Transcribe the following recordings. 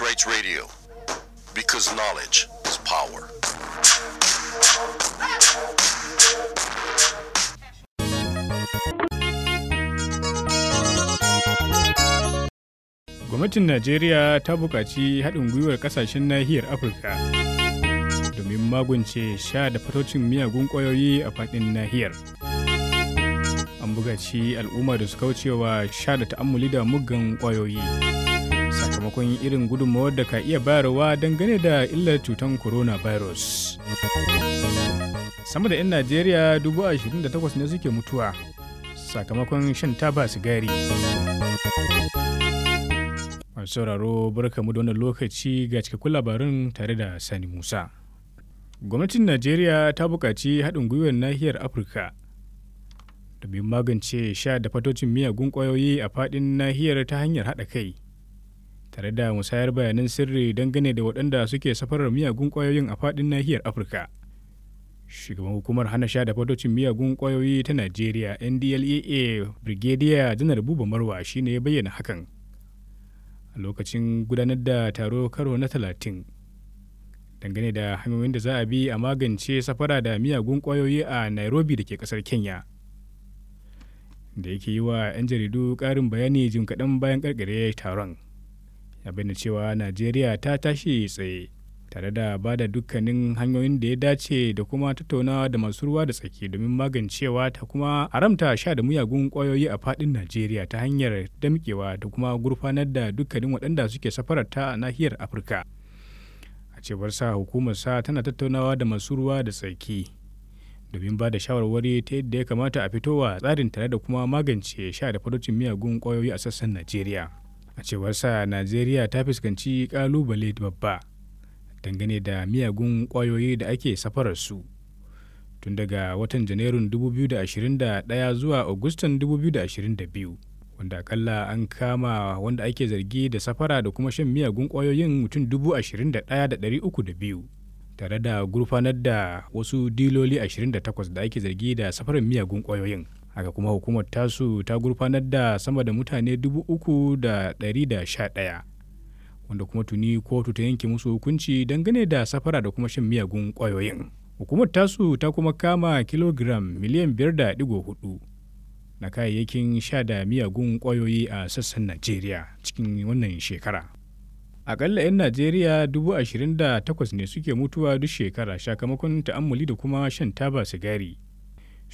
Women's Rights Radio because knowledge is power. Gwamnatin Najeriya ta buƙaci haɗin gwiwar ƙasashen nahiyar Afirka domin magunce sha da fatocin miyagun ƙwayoyi a faɗin nahiyar. An ci al'umma da su kaucewa sha da ta'ammuli da muggan ƙwayoyi. sakamakon irin gudunmawar da ka iya bayarwa dangane da illar cutar coronavirus. sama da 'yan najeriya dubu da takwas ne suke mutuwa sakamakon shan taba sigari masu sauraro mu da wannan lokaci ga cikakkun labarin tare da sani musa gwamnatin najeriya ta buƙaci haɗin gwiwar nahiyar afirka domin magance sha da fatocin miyagun ƙwayoyi a faɗin nahiyar ta hanyar haɗa kai tare da musayar bayanan sirri dangane da waɗanda suke safarar miyagun ƙwayoyin a faɗin nahiyar afirka shugaban hukumar hana sha da fatocin miyagun ƙwayoyi ta najeriya ndlea brigadier janar buba marwa shine ya bayyana hakan a lokacin gudanar da taro karo na talatin dangane da hanyoyin da za a bi a magance safara da miyagun ƙwayoyi a nairobi da ke ƙasar kenya da yake yi wa 'yan jaridu ƙarin bayani jim kaɗan bayan ƙarƙare taron abin da cewa najeriya ta tashi tsaye tare da ba da dukkanin hanyoyin da ya dace da kuma tattaunawa da masu ruwa da tsaki domin magancewa ta kuma haramta sha da muyagun kwayoyi a fadin najeriya ta hanyar damkewa da kuma gurfanar da dukkanin waɗanda suke safarar ta a nahiyar afirka a cewar sa hukumar sa tana tattaunawa da masu ruwa da tsaki domin ba da shawarwari ta yadda ya kamata a fitowa tsarin tare da kuma magance sha da farocin miyagun kwayoyi a sassan najeriya a cewar sa najeriya ta fuskanci kalubale babba dangane da miyagun kwayoyi da ake su tun daga watan janairun 2021 zuwa agustan 2022 wanda akalla an kama wanda ake zargi da safara da kuma shan miyagun kwayoyin mutum 21,302 tare da gurfanar da wasu diloli 28 da ake zargi da safarar miyagun kwayoyin haka kuma hukumar tasu ta gurfanar da sama da mutane dubu uku da da sha 3,111 wanda kuma tuni kotu ta yanke musu hukunci dangane da safara da kuma shan miyagun kwayoyin. hukumar tasu ta kuma kama kilogram miliyan biyar da 5.4 na kayayyakin sha da miyagun kwayoyi a sassan najeriya cikin wannan shekara akalla 'yan najeriya takwas ne suke mutuwa duk shekara sakamakon ta'ammuli da kuma shan taba sigari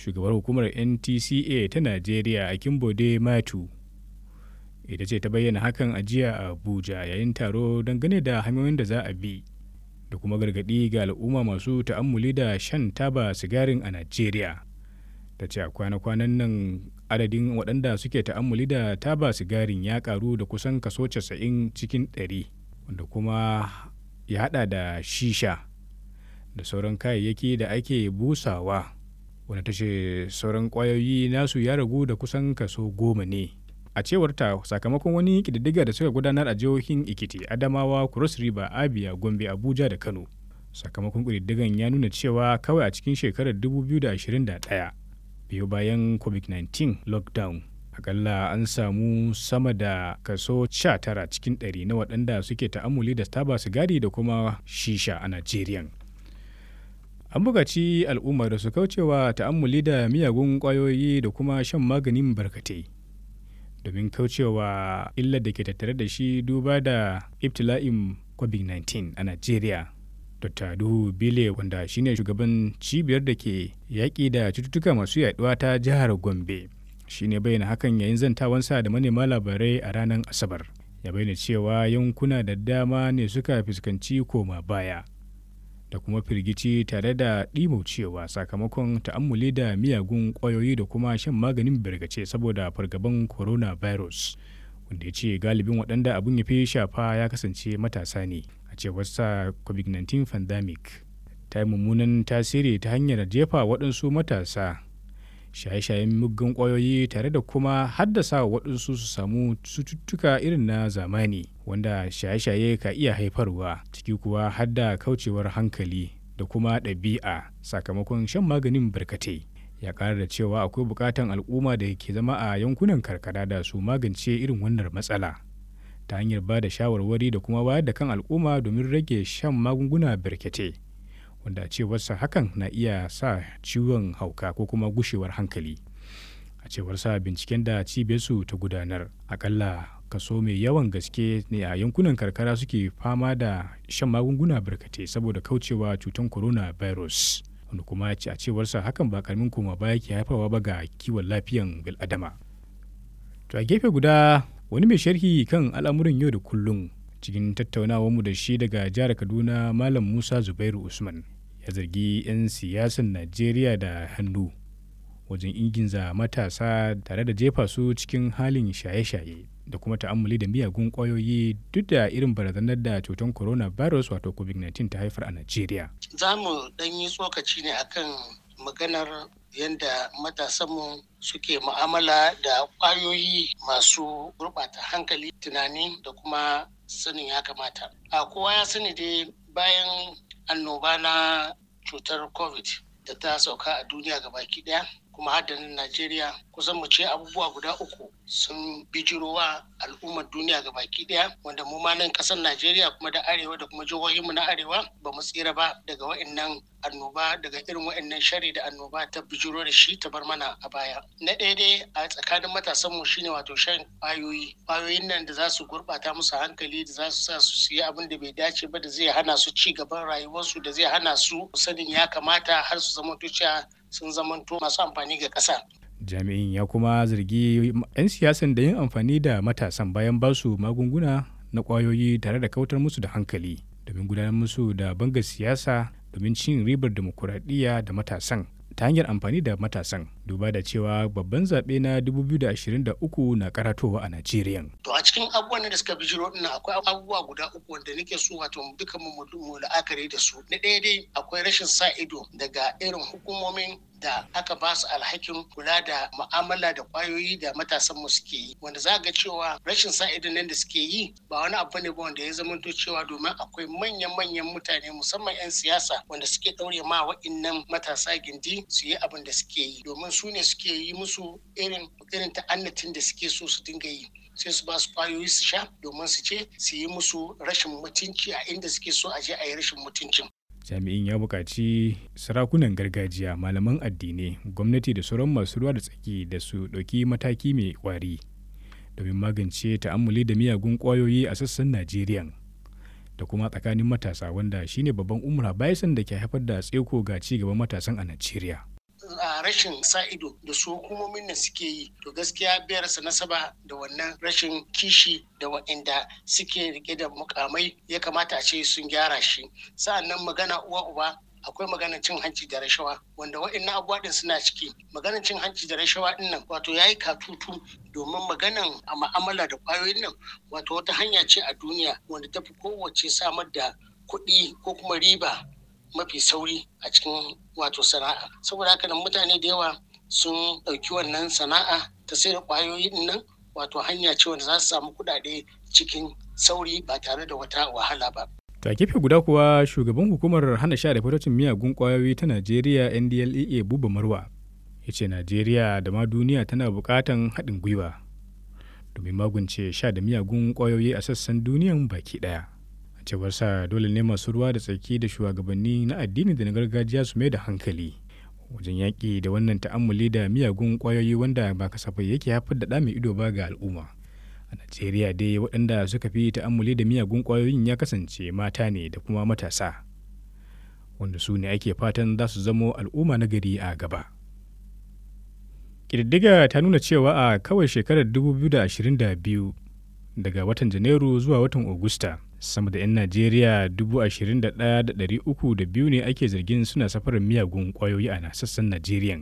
shugabar hukumar ntca ta najeriya a kimbode matu ita ce ta bayyana hakan a jiya a abuja yayin taro dangane da hanyoyin da za a bi da kuma gargaɗi ga al'umma masu ta'ammuli da shan taba sigarin a najeriya ta ce a kwana-kwanan nan adadin waɗanda suke ta'ammuli da taba sigarin ya ƙaru da kusan kaso casa'in cikin ɗari da kuma ya haɗa da shisha da sauran kayayyaki da ake busawa wanda ta ce sauran kwayoyi nasu ya ragu da kusan kaso goma ne a cewar ta sakamakon wani kididdiga da suka gudanar a jihohin ikiti adamawa cross river abia gombe abuja da kano sakamakon kididdigan ya nuna cewa kawai a cikin shekarar 2021 biyu bayan covid-19 lockdown akalla an samu sama da kaso 19 cikin 100 na waɗanda suke ta'amuli da taba sigari da kuma shisha a nigeria. an buƙaci al'ummar da su kaucewa ta'ammuli da miyagun ƙwayoyi da kuma shan maganin barkate domin kaucewa illar da ke tattare da shi duba da ibtila'in covid-19 a nigeria dr duhu bile wanda shine shugaban cibiyar da ke yaƙi da cututtuka masu yaɗuwa ta jihar gombe shine bayyana hakan yayin zantawansa da manema labarai a ranar asabar ya bayyana cewa yankuna da dama ne suka fuskanci koma baya da kuma firgici tare da ɗimaucewa sakamakon ta'ammuli da miyagun ƙwayoyi da kuma shan maganin birgace saboda fargaban coronavirus wanda ya ce galibin waɗanda abin ya fi shafa ya kasance matasa ne a cewar sa covid-19 pandemic ta yi mummunan tasiri ta hanyar jefa waɗansu matasa shaye-shayen muggan kwayoyi tare da kuma haddasa waɗansu su samu cututtuka irin na zamani wanda shaye-shaye ka iya haifarwa ciki kuwa hadda kaucewar hankali da kuma ɗabi'a sakamakon shan maganin barkatai ya ƙara da cewa akwai buƙatan al'umma da ke zama a yankunan karkara da su magance irin wannan matsala ta hanyar ba da shawarwari da kuma wayar da kan al'umma domin rage shan magunguna barkatai wanda cewarsa hakan na iya sa ciwon hauka ko kuma gushewar hankali a cewar sa binciken da su ta gudanar akalla kaso mai yawan gaske ne a yankunan karkara suke fama da shan magunguna barkatai saboda kaucewa cutar corona virus. wanda kuma a cewarsa hakan ba karamin koma ba yake haifawa ba ga kiwon lafiyan bil'adama to a gefe guda wani mai sharhi kan al'amuran yau da kullum cikin tattaunawar mu da shi daga jihar kaduna malam musa zubairu usman ya zargi 'yan siyasan najeriya da hannu wajen inginza matasa tare da jefa su cikin halin shaye-shaye da kuma ta'ammali da miyagun ƙwayoyi duk da irin barazanar da cutar corona virus wato covid-19 ta haifar a najeriya za mu ɗan yi tsokaci ne akan maganar yadda matasanmu suke mu'amala da ƙwayoyi masu gurɓata hankali tunani da kuma sanin ya kamata a kowa ya sani dai bayan annoba na cutar covid da ta sauka a duniya ga baki daya kuma haddanin najeriya kusan mu ce abubuwa guda uku sun bijirowa al'ummar duniya ga baki daya wanda mu ma nan kasar Najeriya kuma da arewa da kuma jihohinmu na arewa ba mu tsira ba daga wa'annan annoba daga irin wa'annan shari da annoba ta bijiro da shi ta bar mana a baya. Na ɗaya dai a tsakanin matasan mu shine wato shan kwayoyi. Kwayoyin nan da za su gurɓata musu hankali da za su sa su siya abin da bai dace ba da zai hana su ci gaban rayuwarsu da zai hana su sanin ya kamata har su zama cewa sun zamanto masu amfani ga ƙasa jami'in ya kuma zargi 'yan siyasan da yin amfani da matasan bayan ba su magunguna na kwayoyi tare da kautar musu da hankali domin gudanar musu da bangar siyasa domin cin ribar demokuraɗiyya da matasan ta hanyar amfani da matasan duba da cewa babban zaɓe na 2023 na karatowa a Najeriya. To a cikin abubuwan da suka bijiro din akwai abubuwa guda uku wanda nake so wato dukan mu mu la'akari da su. Na daidai akwai rashin sa ido daga irin hukumomin da aka ba su alhakin kula da mu'amala da kwayoyi da matasan mu suke yi wanda za ga cewa rashin sa idan nan da suke yi ba wani abu ne ba wanda ya zamanto cewa domin akwai manyan-manyan mutane musamman 'yan siyasa wanda suke daure ma wa'innan matasa gindi su yi abin da suke yi domin su ne suke yi musu irin irin ta'annatin da suke so su dinga yi sai su ba su kwayoyi su sha domin su ce su yi musu rashin mutunci a inda suke so a je a yi rashin mutuncin jami'in ya buƙaci sarakunan gargajiya malaman addinai gwamnati da sauran masu ruwa da tsaki da su ɗauki mataki mai ƙwari domin magance ta'ammuli da miyagun ƙwayoyi a sassan najeriya da kuma tsakanin matasa wanda shine babban umra bayan da ke haifar da tseko ga ci gaban matasan a najeriya a rashin sa ido da su hukumomin nan suke yi to gaskiya biyar sa nasaba da wannan rashin kishi da waɗanda suke rike da mukamai ya kamata a ce sun gyara shi sa'annan magana uwa uba akwai maganar cin hanci da rashawa wanda waɗannan abubuwa ɗin suna ciki maganar cin hanci da rashawa din nan wato yayi katutu domin maganan a ma'amala da kwayoyin nan wato wata hanya ce a duniya wanda ta fi kowace samar da kuɗi ko kuma riba mafi sauri a cikin wato sana'a saboda haka nan mutane da yawa sun ɗauki wannan sana'a ta sai da ƙwayoyin nan wato hanya ce wanda za su samu kuɗaɗe cikin sauri ba tare da wata wahala ba. ta gefe guda kuwa shugaban hukumar hana sha da fatocin miyagun ƙwayoyi ta najeriya ndlea buba marwa ya ce najeriya da ma duniya tana buƙatan haɗin gwiwa domin magunce sha da miyagun ƙwayoyi a sassan duniyan baki ɗaya. cewarsa dole ne masu ruwa da tsaki da shugabanni na addini da na gargajiya su mai da hankali wajen yaƙi da wannan ta'ammuli da miyagun ƙwayoyi wanda ba kasafai yake haifar da ɗa mai ido ba ga al'umma a najeriya dai waɗanda suka fi ta'ammuli da miyagun ƙwayoyin ya kasance mata ne da kuma matasa wanda su ne ake fatan za su zamo al'umma na gari a gaba ƙididdiga ta nuna cewa a kawai shekarar 2022 daga watan janairu zuwa watan Agusta. sama da 'yan najeriya 21,302 ne ake zargin suna safarar miyagun kwayoyi a sassan najeriya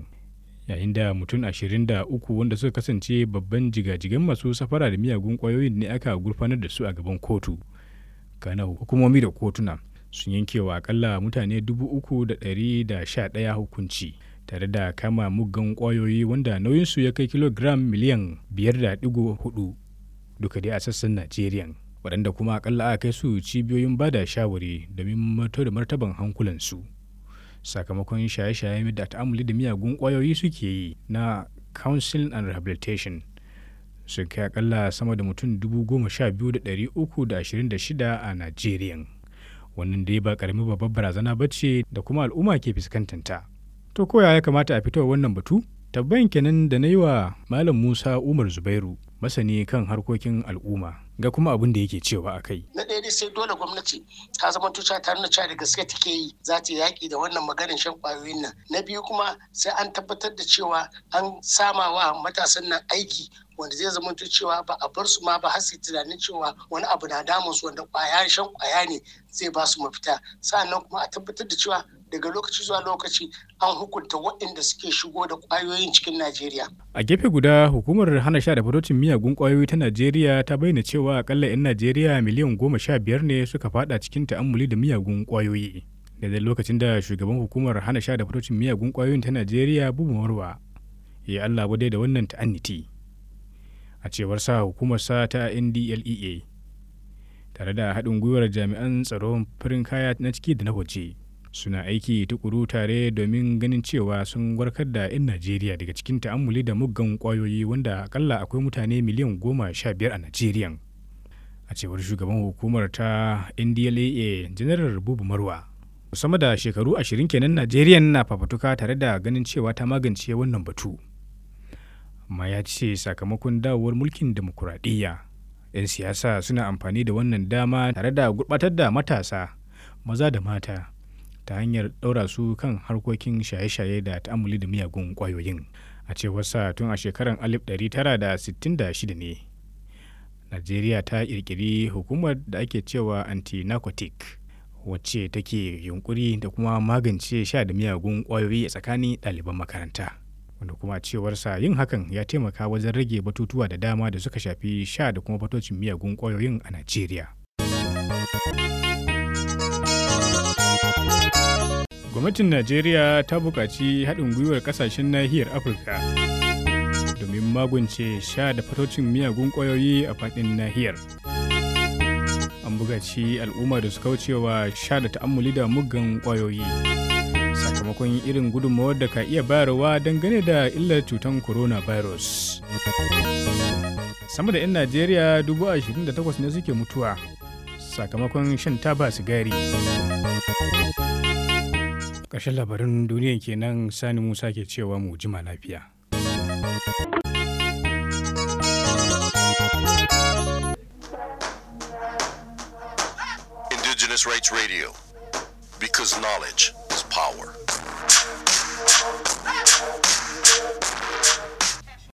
yayin da mutum 23 wanda suka kasance babban jigajigan masu safara da miyagun kwayoyin ne aka gurfanar da su a gaban kotu kana hukumomi da kotuna sun yanke wa akalla mutane 3,111 hukunci tare da kama muggan kwayoyi wanda nauyinsu ya kai kilogram miliyan 5.4 duka dai a sassan najeriya waɗanda kuma aƙalla aka kai su cibiyoyin ba da shawari domin mato da martaban hankulansu sakamakon shaye-shaye da ta'amuli da miyagun ƙwayoyi suke yi na counseling and rehabilitation sun kai akalla sama da mutum 12,326 a nigeria Wannan ya ba karamin babbar barazana ba ce da kuma al'umma ke fuskantanta. To koya ya kamata a fitowa wannan batu? Tabbayin kenan da na yi wa Malam Musa Umar Zubairu, masani kan harkokin al'umma. ga kuma abin da yake cewa a kai. Na ɗaya dai sai dole gwamnati ta zama tuca ta nuna cewa da gaske take yi za ta yaƙi da wannan maganin shan ƙwayoyin nan. Na biyu kuma sai an tabbatar da cewa an sama wa matasan nan aiki wanda zai zama cewa ba a bar su ma ba har su tunanin cewa wani abu na damun su wanda kwaya shan ƙwaya ne zai ba su mafita. Sa'annan kuma a tabbatar da cewa daga lokaci zuwa lokaci an hukunta waɗanda suke shigo da ƙwayoyin cikin Najeriya. A gefe guda hukumar hana sha da fatocin miyagun ƙwayoyi ta Najeriya ta bayyana cewa akalla 'yan Najeriya miliyan goma sha biyar ne suka fada cikin ta'ammuli da miyagun ƙwayoyi. Daidai lokacin da shugaban hukumar hana sha da fatocin miyagun ƙwayoyin ta Najeriya Bubu Marwa ya Allah bude da wannan ta'anniti. A cewar sa hukumar sa ta NDLEA tare da haɗin gwiwar jami'an tsaron firin kaya na ciki da na waje. suna aiki tukuru tare domin ganin cewa sun warkar da 'yan najeriya daga cikin ta'ammuli da muggan kwayoyi wanda akalla akwai mutane miliyan goma sha biyar a najeriya a cewar shugaban hukumar ta ndlaa janar bubu marwa sama da shekaru ashirin kenan najeriya na fafatuka tare da ganin cewa ta magance wannan batu Ma ya ce sakamakon dawowar mulkin demokuraɗiyya 'yan siyasa suna amfani da wannan dama tare da gurɓatar da matasa maza da mata ta hanyar ɗaura su kan harkokin shaye-shaye da ta'amuli da miyagun ƙwayoyin a cewar sa tun a shekarar 1966 ne najeriya ta ƙirƙiri hukumar da ake cewa anti-narcotic wacce take yunkuri da kuma magance sha da miyagun ƙwayoyi a tsakanin ɗaliban makaranta. wanda kuma cewar sa yin hakan ya taimaka wajen rage batutuwa da dama da suka shafi sha da kuma batocin miyagun ƙwayoyin a Najeriya. gwamnatin najeriya ta buƙaci haɗin gwiwar ƙasashen nahiyar afirka domin magunce sha da fatocin miyagun ƙwayoyi a faɗin nahiyar an buƙaci al'umma da su kaucewa sha da ta'ammuli da muggan ƙwayoyi sakamakon irin gudunmawar da ka iya bayarwa dangane da illar cutar coronavirus sama da 'yan najeriya dubu takwas ne suke mutuwa sakamakon shan taba sigari ƙarshen labarin duniya kenan sani musa ke cewa mu jima lafiya indigenous rights radio because knowledge is power